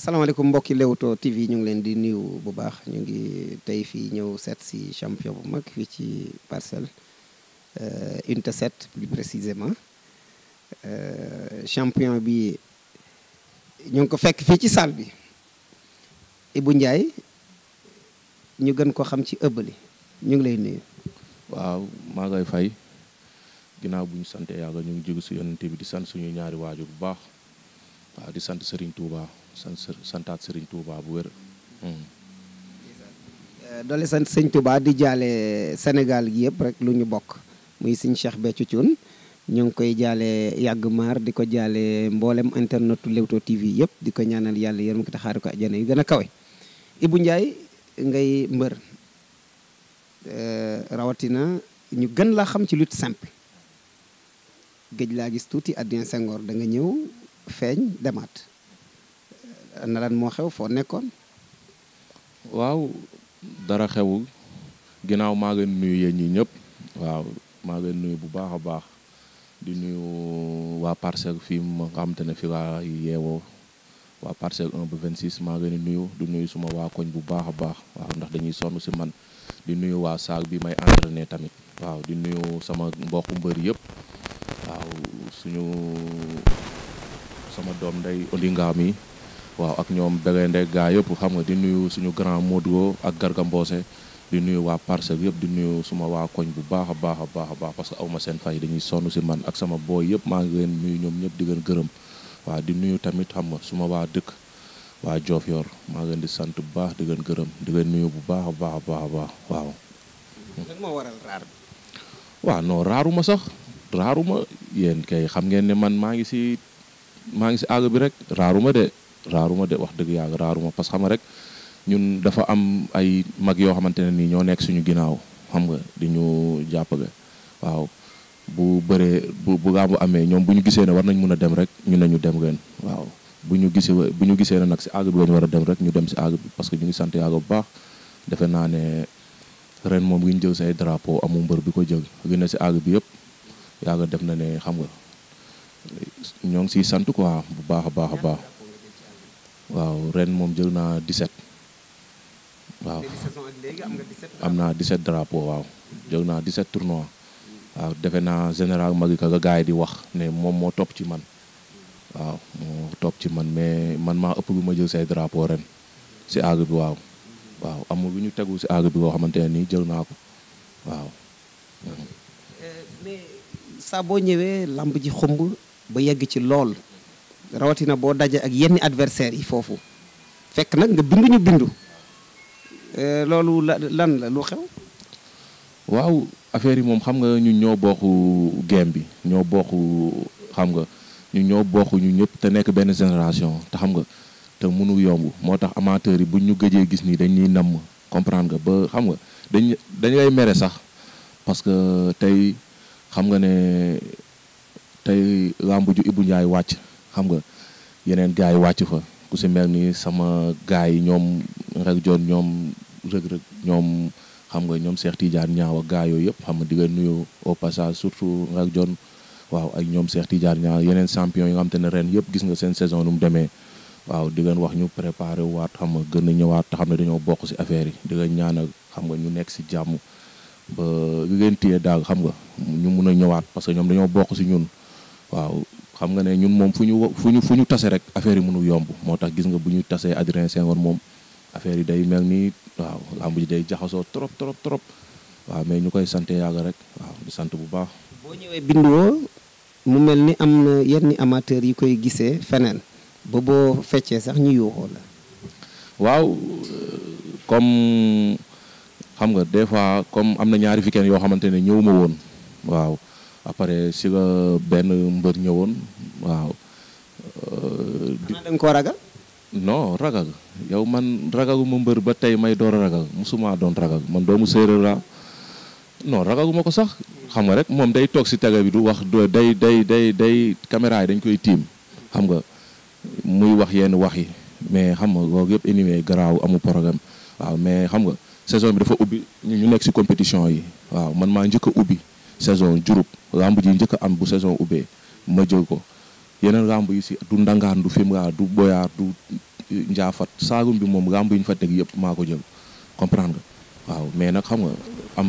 salaamaaleykum mbokki Leewtoo TV ñu ngi leen di nuyu bu baax ñu ngi tey fii ñëw seet si champion bu mag fii ci parcelle euh, unité 7 plus précisément euh, champion bi ñu ngi ko fekk fii ci salle bi Ibou njaay ñu gën ko xam ci ëbb li ñu ngi lay nuyu waaw maa ngay fay ginnaaw bu ñu sante yàlla ñu ngi jógu si yonente bi di sant suñu ñaari waajur bu baax waaw di sant Serigne Touba sant hmm. eh, doole sant sëñ Touba di jaale Sénégal gi yëpp rek lu ñu bokk muy sëñ Cheikh Béthio Thioune ñu ngi koy jaale yàgg maar di ko jaale mboolem internetu Leewtoo TV yëpp di ko ñaanal yàlla yërëm ko taxaari ko àjjana yu gën a kawe. Ibou njaay ngay mbër eh, rawatina ñu gën laa xam ci lutte simple géej laa gis tuuti Adrien Senghor da nga ñëw. feeñ demaat na lan moo xew foo nekkoon waaw dara xew ginnaaw maa ngi nuyu yéen ñi ñëpp waaw maa ngi nuyu bu baax a baax di nuyu waa parcelle fii ma nga xamante ne fi waa yeewoo waa parcelle 1 ba 26 maa ngi leen di nuyu di nuyu suma waa koñ bu baax a baax waaw ndax dañuy sonn si man di nuyu waa saag bi may entraîné tamit waaw di nuyu sama mbokku mbër yëpp waaw suñu sama doom nday Odinga mi waaw ak ñoom Begende gaa yëpp xam nga di nuyu suñu grand Modou ak Garga Mbossé di nuyu waa parcelle yëpp di nuyu suma waa koñ bu baax a baax baax baax parce que aw ma seen fay dañuy sonn si man ak sama booy yëpp maa ngi leen nuyu ñoom ñëpp di gën gërëm waa di nuyu tamit xam nga suma waa dëkk waa Joof yoor maa ngi di sant bu baax di gën gërëm di leen nuyu bu baax a baax a baax a waaw. lan raar bi. raaruma sax raaruma yéen kay xam ngeen ne man maa ngi si. maa ngi si àgg bi rek raaruma de raaruma de wax dëgg yàlla raaruma parce que xam nga rek ñun dafa am ay mag yoo xamante ne nii ñoo nekk suñu ginnaaw xam nga di ñu jàppale waaw bu bëree bu bu gàmmu amee ñoom bu ñu gisee ne war nañ mën a dem rek ñu ne ñu dem leen waaw bu ñu gisee bu ñu gisee ne nag si àgg bi la ñu war a dem rek ñu dem si àgg bi parce que ñu ngi sant yàlla bu baax defe naa ne ren moom gi ñu jël say drapo amu mbër bi ko jël li ne si àgg bi yëpp yàlla def na ne xam nga. ñoo ngi siy sant quoi bu baax a baax a baax waaw ren moom jël naa 17 waaw am naa 17 drapeau waaw jël naa 17 tournois waaw defe naa général Magick ga gars yi di wax ne moom moo topp ci man waaw moo topp ci man mais man maa ëpp lu ma jël say drapeau ren si àgg bi waaw waaw amul lu ñu tegul si àgg bi boo xamante ne nii jël naa ko waaw. Eh, mais ñëwee lamb ji xumb. ba yegg ci lool rawatina boo dajee ak yenn adversaires yi foofu fekk nag nga bindu ñu bindu euh, loolu la lan la lu xew. waaw affaire yi moom xam nga ñu ñoo booku game bi ñoo booku xam nga ñu ñoo bokku ñu ñëpp te nekk benn génération te xam nga te mënu yomb moo tax amateurs yi buñ ñu gëjee gis nii dañuy namm comprendre nga ba xam nga dañ dañ mere sax parce que tey xam nga ne tey làmb ju Ibou Ndiaye wàcc xam nga yeneen gars yi wàcc fa ku si mel ni sama gars yi ñoom rek joon ñoom rëg-rëg ñoom xam nga ñoom Cheikh Tidiane ñaaw ak gars yooyu yëpp xam nga di leen nuyu au passage surtout rek joon waaw ak ñoom Cheikh Tidiane ñaaw yeneen champion yi nga xam te ne ren yëpp gis nga seen saison nu mu demee waaw di leen wax ñu préparé waat xam nga gën a ñëwaat te xam ne dañoo bokk si affaire yi di leen ñaanal xam nga ñu nekk si jàmm ba li leen téye daal xam nga ñu mun a ñëwaat parce que ñoom dañoo bokk si ñun waaw xam nga ne ñun moom fu ñu fu ñu fu ñu tasee rek affaire yi mënu yomb moo tax gis nga bu ñu tasee Adrien Senghor moom affaire yi day mel ni waaw làmb ji day jaxasoo trop trop trop waaw mais ñu koy sante yàgg rek waaw di sant bu baax. boo ñëwee bindoo mu mel ni am na yenn amateurs yi koy gisee feneen ba boo feccee sax ñu yuuxoo la. waaw comme xam nga des fois comme am na ñaari weekend yoo xamante ne ñëwuma woon waaw. après si la benn mbër ñëwoon waaw. xanaa da nga koo ragal. non ragal yow man ragaluma mbër ba tey may door a ragal musuma doon ragal man doomu séeréer laa non ragaluma ko sax xam nga rek moom day toog si télé bi du wax day day day day caméra yi dañ koy tiim xam nga muy wax yenn wax yi mais xam nga loolu yëpp animé garaaw amu programme waaw mais xam nga saison bi dafa ubbi ñu nekk si compétition yi waaw man maa njëkk a ubbi. saison Diouroup lamb ji njëkk am bu saison ubbee ma jël ko yeneen lamb yi si du ndangaan du Fimela du Boyaar du e, Njaafat saagum bi moom lamb yi ñu fa teg yëpp maa ko jël comprendre nga mais nag xam nga am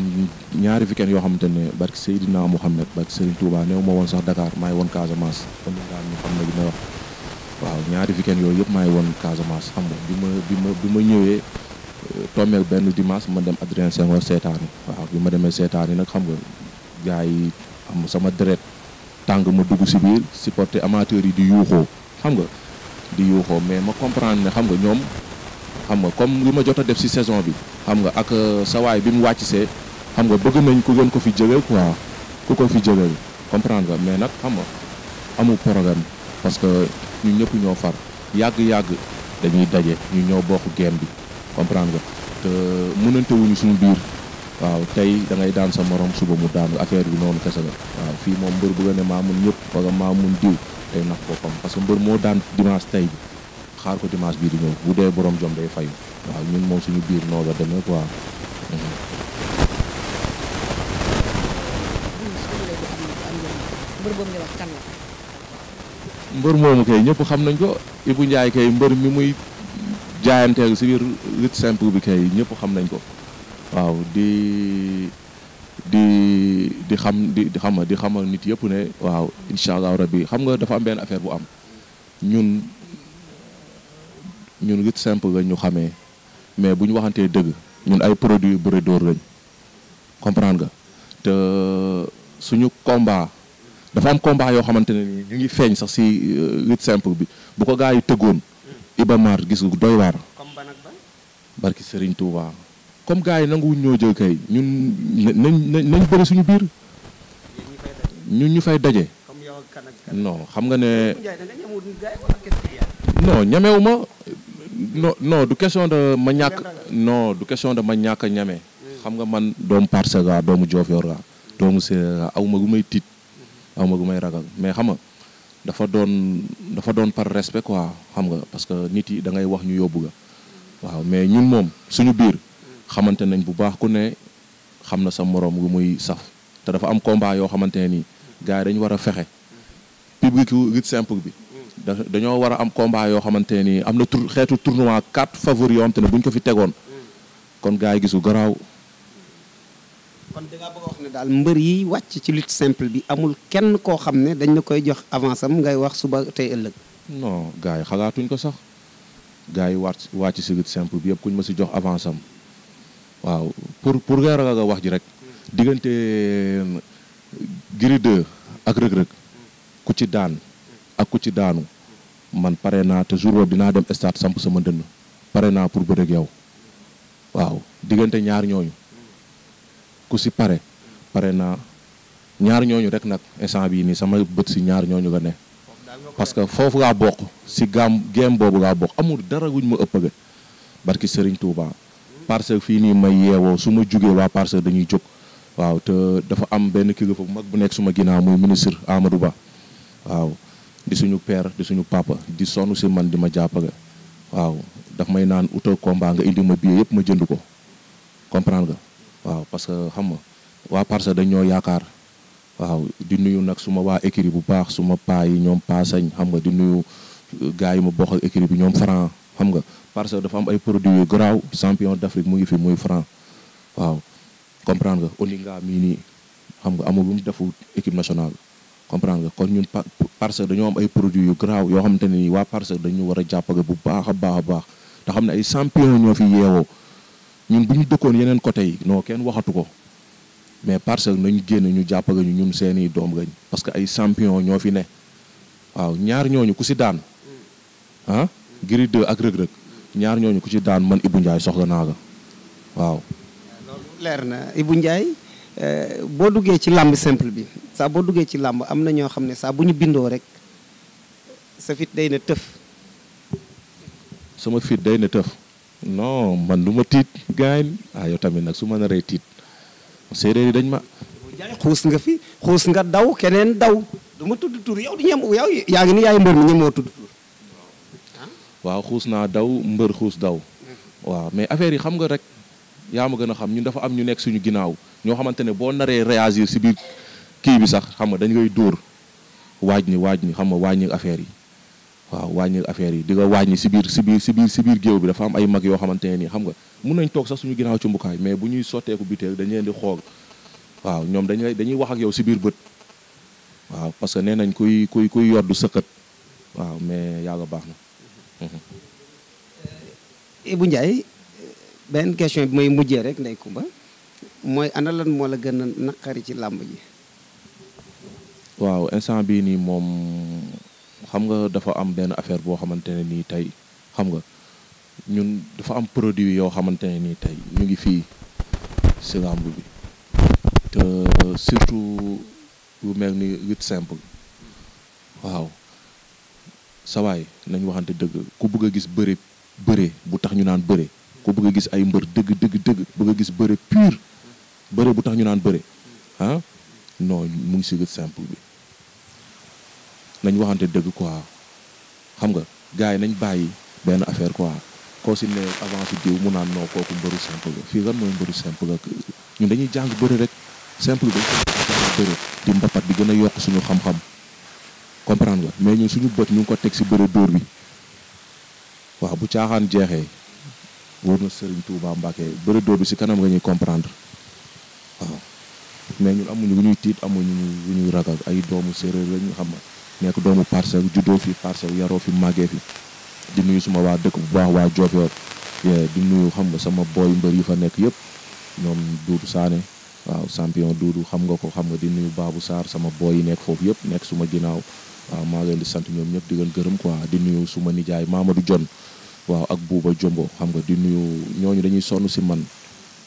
ñaari weekend yoo xamante ne barki Seydina Mouhamed barki Serigne Touba néew ma woon sax dakaar maa ngi woon Casamance kon daal ñu xam ne li may yooyu yëpp maa ngi woon Casamance xam nga bi ma bi ma bi ma ñëwee. E, tommeel benn dimanche ma dem Adrien Senghor seetaani waaw bi ma demee seetaani nag xam nga gars yi am sama deret tàng ma dugg si biir supporter amateur yi di yuuxoo xam nga di yuuxoo mais ma comprendre ne xam nga ñoom xam nga comme li ma jot a def si saison bi xam nga ak euh, sawaay bi mu wàcc see xam nga bëgg nañ ku gën ko fi jëlee quoi ku ko fi jëlee comprendre nga mais nag xam nga amul programme parce que ñu ñëpp ñoo far yàgg-yàgg dañuy daje ñu ñoo bokk game bi comprendre nga te mënante wuñu suñu biir waaw tey da daan sa moroom suba mu daan affaire bi noonu kese la waaw fii moom mbër bu nga ne maa mun ñëpp wala maa mun diw tey nax boppam parce que mbër moo daan dimanche tey bi xaar ko dimanche bii di ñëw bu dee borom jom day fayu waaw ñun moom suñu biir noonu la mhm. mbër boobu nga kay ñëpp xam nañ ko Ibou Ndiaye kay mbër mi muy jaayanteeg si biir lutte simple bi kay ñëpp xam nañ ko. waaw di di di xam di xama di xamal nit yëpp ne waaw incha allah bi xam nga dafa am benn affaire bu am ñun ñun nit simple la ñu xamee mais bu ñu waxantee dëgg ñun ay produit bëri door lañ comprendre nga te suñu combat dafa am combat yoo xamante ne ni ñu ngi feeñ sax si euh, lutte simple bi bu ko gaa yi tëggoon Iba Mar gis doy waar barki Serigne Touba comme gars yi nanguwuñ ñoo jël kay ñun nañ bëri suñu biir. ñun ñu fay daje. non xam nga ne. non ñamewu ma. non non du question de ma ñàkk. non du question de ma ñàkk ñame. xam nga man doomu parce ga doomu Diofior ga doomu Séeréer ga aw ma gu may tiit aw ma gu may ragal mais xam nga dafa doon dafa doon par respect quoi xam nga parce que nit yi da ngay wax ñu yóbbu waaw mais ñun moom suñu biir. xamante nañ bu baax ku ne xam na sa morom gu muy saf te dafa am combat yoo xamante ne nii gars yi dañu war a fexe public wu simple bi dañoo war a am combat yoo xamante ne am na xeetu tournoi quatre favoris yoo xamante ne bu ñu ko fi tegoon kon gars yi gisu garaaw kon mbër yi wàcc ci lutte simple bi amul kenn koo xam ne dañ la koy jox avance am ngay wax suba tey ëllëg non gars yi xalaatuñ ko sax gars yi wàcc ci si lutte simple bi yëpp kuñ ma si jox avance am waaw pour pour nga ragal wax ji rek diggante euh, Gris 2 ak rëg-rëg ku ci daan ak ku ci daanu man pare naa te jour boobu dinaa dem stade samp sama dënn pare naa pour bëreeg yow waaw diggante ñaar ñooñu ku si pare pare naa ñaar ñooñu rek nag instant bii nii sama bët si ñaar ñooñu nga ne parce que foofu laa bokk si gaam game boobu laa bokk amul dara guñ ëpp ëppage barki Serigne Touba. parce que fii nii may yeewoo su ma jugee waa parce que dañuy jóg waaw te dafa am benn kilifa bu mag bu nekk suma ginaar muy ministre Amadou Ba waaw di suñu père di suñu papa di sonn si man di ma jàppale waaw daf may naan utal combat nga indi ma billet yëpp ma jënd ko comprend nga waaw parce que xam nga waa parce que dañoo yaakaar waaw di nuyu nag suma waa écurie bu baax suma paa yi ñoom paasañ xam nga di nuyu gars yi ma bokk ak écurie bi ñoom franc xam nga parce que dafa am ay produits yu garaaw champion d'Afrique mu ngi fi muy franc waaw comprendre nga Olinga mii nii xam nga amul lu mu defu équipe nationale comprendre nga kon ñun parce que dañoo am ay produits yu graaw yoo xamante ne nii waa parce que dañu war a jàppale bu baax a baax a baax te xam ne ay champion ñoo fi yeewoo ñun bu ñu dëkkoon yeneen côté yi kenn waxatu ko mais parce que nañu génn ñu jàppale ñu ñun seeni doom gañ parce que ay champion ñoo fi ne waaw ñaar ñooñu ku si daan ah, Gris 2 ak Reug Reug ñaar ñooñu ko ci daan man Ibou Ndiaye soxla naa ko waaw. loolu na Ibou Ndiaye euh, boo duggee ci làmb simple bi saa boo duggee ci làmb am na ñoo xam ne saa bu ñu bindoo rek sa fit day na tëf. sama fit day na tëf. non man duma ma tiit gaañ ah tamit nag su ma naree tiit séeréer dañ ma. xuus nga fi xuus nga daw keneen daw du ma tudd tur yow di ñem yow yaa ngi ni yaay mbër ñemoo tudd waaw xuus naa daw mbër xuus daw waaw mais affaire yi xam nga rek yaa ma gën a xam ñun dafa am ñu nekk suñu ginnaaw ñoo xamante ne boo naree réagir si biir kii bi sax xam nga dañ koy dóor waaj ñi waaj ñi xam nga wàññi affaire yi waaw wàññi affaire yi di nga wàññi si biir si biir si biir bi dafa am ay mag yoo xamante ne nii xam nga mun nañ toog sax suñu ginnaaw ci mbukaay mais bu ñuy sotteeku biteel dañ leen di xool waaw ñoom dañ dañuy wax ak yow si biir bët waaw parce que nee nañ kuy kuy kuy yoddu sëqët waaw mais yàlla baax na Eh, Ibou Ndiaye benn question bi mooy mujjee rek nday Kumba mooy ana moo la gën a naqari ci làmb ji. waaw instant bii nii moom xam nga dafa am benn affaire boo xamante ne nii tey xam nga ñun dafa am produit yoo xamante ne nii tey ñu ngi fii si làmb bi te surtout lu mel ni lutte simple waaw. sawaay nañ waxante dëgg ku bëgg a gis bëre bëre bu tax ñu naan bëre ku bëgg a gis ay mbër dëgg dëgg dëgg bëgg gis bëre pur bëre bu tax ñu naan bëre ah non mu ngi si simple bi nañ waxante dëgg quoi xam nga gars yi nañ bàyyi benn affaire quoi koo si ne avance diw mu naan non kooku mbëru simple la fii kan mooy mbëru simple ak ñu dañuy jàng bëre rek simple bi dañ bëre di mbapat di gën a yokk suñu xam-xam comprendre nga mais ñun suñu bët ñu ko teg si bëre dóor bi waaw bu caaxaan jeexee wóor na Serigne Touba Mbacke bëre dóor bi si kanam nga ñuy comprendre waaw mais ñun amuñu lu ñuy tiit amuñu lu ñuy ragal ay doomu séeréer la ñu xam nekk doomu parcelle juddoo fi parcelle yaroo fi màggee fi di nuyu suma waa dëkk bu baax waa Diofior di nuyu xam nga sama booy mbër yi fa nekk yëpp ñoom Doudou Sané waaw champion Doudou xam nga ko xam nga di nuyu Babou saar sama booy yi nekk foofu yëpp nekk suma ginnaaw. waaw maa ngi leen di sant ñoom ñëpp di leen gërëm quoi di nuyu suma nijaay Mamadou Jon waaw ak Buuba Jombo xam nga di nuyu ñooñu dañuy sonn si man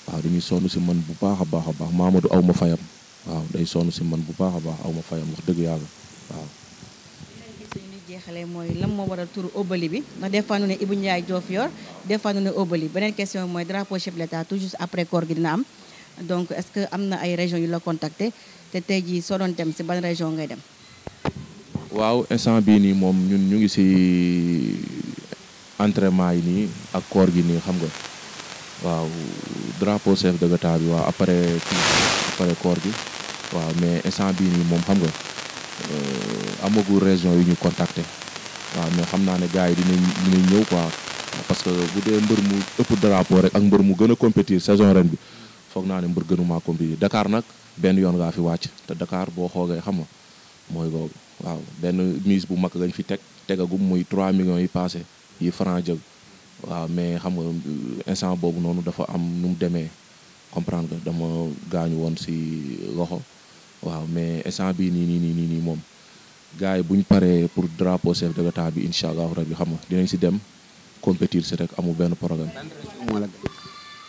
waaw dañuy sonn si man bu baax a baax a baax ma aw ma fayam waaw day sonn si man bu baax a baax aw ma fayam wax dëgg yàlla waaw. jeexale mooy lan moo waral turu Obali bi ndax des fois ñu ne Ibou Ndiaye Diofior des fois ñu ne Obali beneen question mooy drapeau chef de l'État tout juste après koor gi dina am donc est-ce que am na ay région yu la contacter te te jii soo doon dem si ban région ngay dem. waaw instant bii nii moom ñun ñu ngi si entraînement yi nii ak koor gi nii xam nga waaw drapeau chef de l'État bi waaw après après koor gi waaw mais instant bii nii moom xam nga euh, amagu région yu ñu contacté waaw mais xam naa ne gars yi dinañ dinañ ñëw quoi parce que bu dee mbër mu ëpp drapeau rek ak mbër mu gën a compétir saison ren bi foog naa ne mbër gënumaa compétir dakaar nag benn yoon ngaa fi wàcc te Dakar boo xoogee xam nga mooy boobu waaw benn mise bu mag lañ fi teg tegagum muy 3 millions yi passé yi franc jël waaw mais xam nga euh, instant boobu noonu dafa am nu mu demee comprendre nga dama gaañu woon si loxo mais instant bii nii nii nii nii nii moom gars yi bu ñu paree pour drapeau chef de l'État bi incha allahu xam nga dinañ si dem compétir si rek amul benn programme.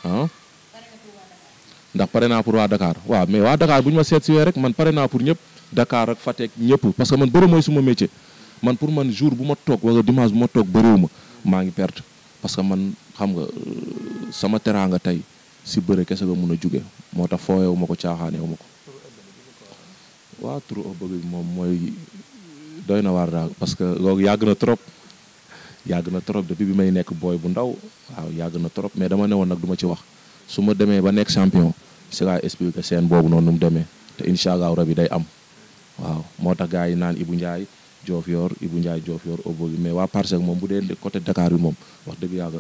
ah. ndax pare naa pour waa Dakar waaw mais waa Dakar bu ma seet si wee rek man pare naa pour ñëpp. Dakar ak Fatick ñëpp parce que man bëri mooy suma métier man pour man jour bu ma toog wala dimanche bu ma toog bëriwu maa ngi perte parce que man xam nga euh, sama teraanga tey si bëre kese nga mun a jóge moo tax fooyewu ma ko caaxaanewu ma ko waaw turu bëgg bi moom mooy doy na daal parce que loolu yàgg na trop yàgg na trop depuis bi may nekk booy bu ndaw waaw yàgg na trop mais dama ne woon nag du ma ci wax su ma demee ba nekk champion si laa expliqué seen boobu noonu nu mu demee te incha allahu yi day am waaw moo tax gaa yi naan ibu Ibou Ndiaye Diofior Ibou joof Diofior Obogi mais waa Parcelles moom bu dee côté Dakar bi moom wax dëgg yàlla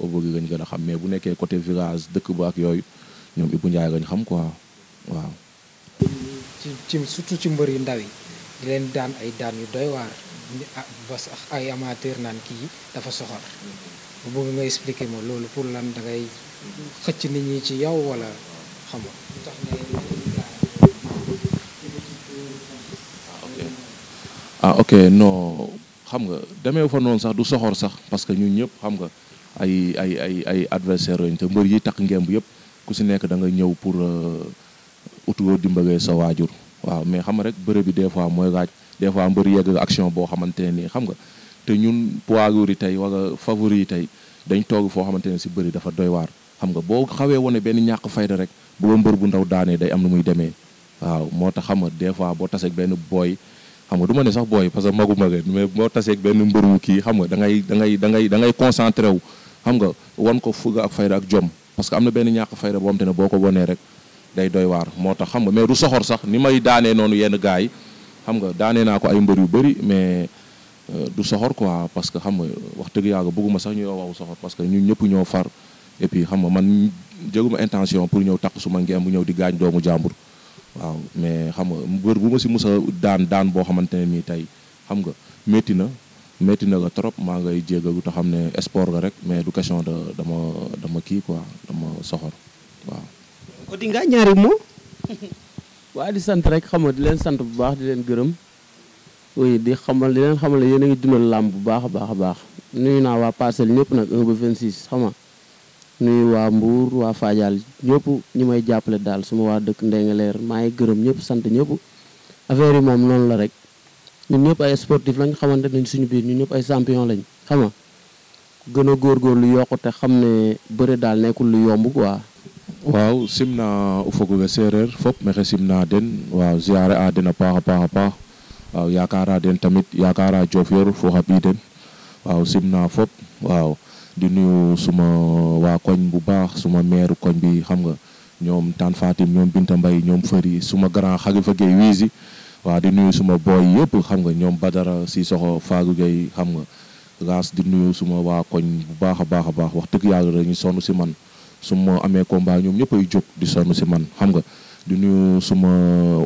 Obogi lañ gën a xam mais bu nekkee côté village dëkk ba ak yooyu ñoom Ibou Ndiaye lañ xam ko waaw. ci ci surtout ci mbër yu ndaw yi di leen daan ay daan yu doy waar ah, ay amateur naan kii dafa soxor bu bëgg nga expliquer ma loolu pour lan dangay ngay xëcc nit ñi ci yow wala xam nga ah ok non xam nga demee fa noonu sax du soxoor sax parce que ñun ñëpp xam nga ay ay ay ay adversaire lañ te mbër yi takk ngemb yëpp ku si nekk da nga ñëw pour euh, utuwoo dimbalee sa waajur waaw mais xam nga rek bërëb bi des fois mooy laaj des fois mbër yegg action boo xamante ne nii xam nga te ñun poids yi tey wala favori yi tey dañ toog foo xamante ne si bëri dafa doy waar xam nga boo xawee wone benn ñàkk fayda rek bu mbër bu ndaw daanee day am nu muy demee waaw moo tax xam na des fois boo taseeg benn booy xam nga du ma ne sax booy parce que magu ma leen mais boo taseeg benn mbëru kii xam nga da ngay da ngay da ngay da ngay concentré wu xam nga wan ko fuga ak fayda ak jom parce que am na benn ñàkk fayda boo xam te ne boo ko wonee rek day doy waar moo tax xam nga mais soxor sax ni may daanee noonu yenn gars yi xam nga daanee naa ko ay mbër yu bëri mais euh, du soxor quoi parce que xam nga wax dëgg yàlla bëgguma sax ñuy waxu soxor parce que ñun ñëpp ñoo far et nga man jëguma intention pour ñëw takk su ma ngeem bu ñëw di gaañ doomu jàmbur waaw mais xam nga wër bu ma si mus daan daan boo xamante ne nii tey xam nga métti na metti na nga trop maa ngay jégalu te xam ne sport ga rek mais du question de dama dama kii quoi dama soxor waaw. Odinga ñaari mots. waa di sant rek xam nga di leen sant bu baax di leen gërëm. oui di xamal di leen xamal yéen a ngi dundal làmb bu baax baax a baax nuyu naa waa parcelle ñëpp nag 1 ba 26 xam nga nuyu waa Mbour waa Fadial ñëpp ñi may jàppale daal suma waa dëkk Ndingler maa ngi gërëm ñëpp sant ñëpp affaire yi moom noonu la rek ñun ñëpp ay sportif lañ xamante nañ suñu biir ñu ñëpp ay champion lañ xam nga gën a lu yokku te xam ne bëre daal nekkul lu yomb quoi. waaw simna ufaguge séeréer fop mexe simna den waaw ziare a den a paax a paax a paax waaw yaakaara den tamit yaakaara Diofior fo xa bii den waaw simna fop waaw di nuyu suma waa koñ bu baax suma maire koñ bi xam nga ñoom Tane Fatim ñoom Binta mbay ñoom Fëri suma grand Xalifa Gueye wiisi waa di nuyu suma booy yëpp xam nga ñoom Badara Sissoko Faagu Gueye xam nga gaas di nuyu suma waa koñ bu baax a baax a baax wax dëgg yàlla dañuy sonn si man su ma amee combat ñëpp ay jóg di sonn si man xam nga di nuyu suma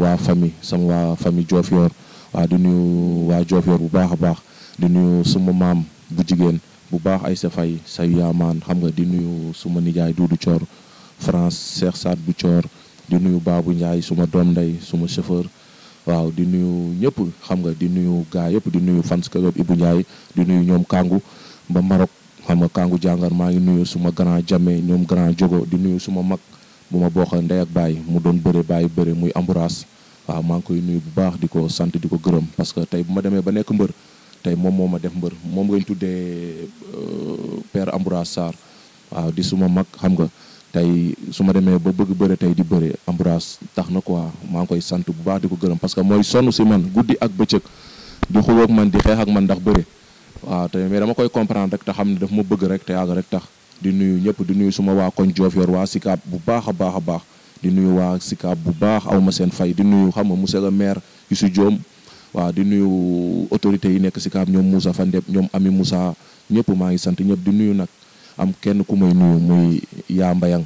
waa famille sama waa famille Diofior waa di nuyu waa Diofior bu baax a baax di nuyu suma maam bu jigéen bu baax ay sa fay say yaamaan xam nga di nuyu suma nijaay Duudu Coor France Cheikh saat bu Coor di nuyu Baabu Ndiaye suma doom ndey suma chauffeur waaw di nuyu ñëpp xam nga di nuyu gaa yëpp di nuyu fans club Ibou njaay di nuyu ñoom Kangu ba Maroc xam nga Kangu jàngar maa ngi nuyu suma grand jame ñoom grand Jogo di nuyu suma mag bu ma bokkal ndey ak baay mu doon bëre bàyyi bëre muy Ambroise waaw maa ngi koy nuyu bu baax di ko sant di ko gërëm parce que tey bu ma demee ba nekk mbër tey moom moo ma def mbër moom nga ñu tuddee euh, père Ambroise Sarr waaw di suma mag xam nga tey su ma demee ba bëgg bëre tey di bëre Ambroise tax na ko quoi maa ngi koy sant bu baax di ko gërëm parce que mooy sonn si man guddi ak bëccëg di xuloo man di xeex ak man ndax bëre waaw te mais dama koy comprendre rek te xam ne daf ma bëgg rek te yàgg rek tax di nuyu ñëpp di nuyu suma waa koñ joof yor waa Sikaab bu baax a baax a baax di nuyu waa Sikaab bu baax aw ma seen fay di nuyu xam nga monsieur le maire Youssou Diom waaw di nuyu autorités yi nekk si kaam ñoom Moussa Fandeb ñoom Ami Moussa ñëpp maa ngi sant ñëpp di nuyu nag am kenn ku may nuyu muy yaa Mbayang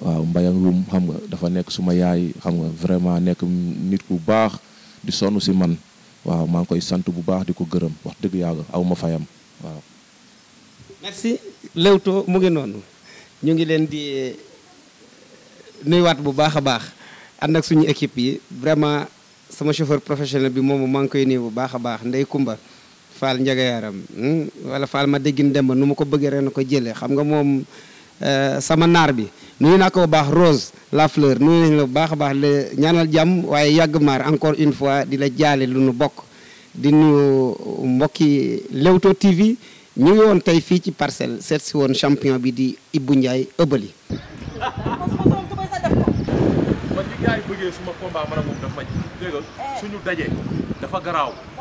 waaw Mbayang Loum xam nga dafa nekk suma yaay xam nga vraiment nekk nit ku baax di sonn si man waaw maa ngi koy sant bu baax di ko gërëm wax dëgg yàlla aw ma fayam waaw. mu ngi ngi leen di eh, bu baax a baax ànd ak suñu équipe yi vraiment. sama chauffeur professionnel bi moom maa ngi koy nii bu baax a baax ndey kumba faal njagayaaram hmm? wala faal ma déggin dem ba nu ma ko bëggee ren ko jëlee xam nga moom euh, sama naar bi nuyu naa bu baax Rose la fleur nuyu nañ baax a baax la ñaanal jàmm waaye yàgg maar encore une fois di la jaale lu nu bokk di nuyu mbokki Leewtoo TV ñu ngi tey fii ci parcelle seet si woon champion bi di Ibou Ndiaye ëbbali jógee suma combat man ak moom daf ma jégal eh. suñu dajee dafa garaaw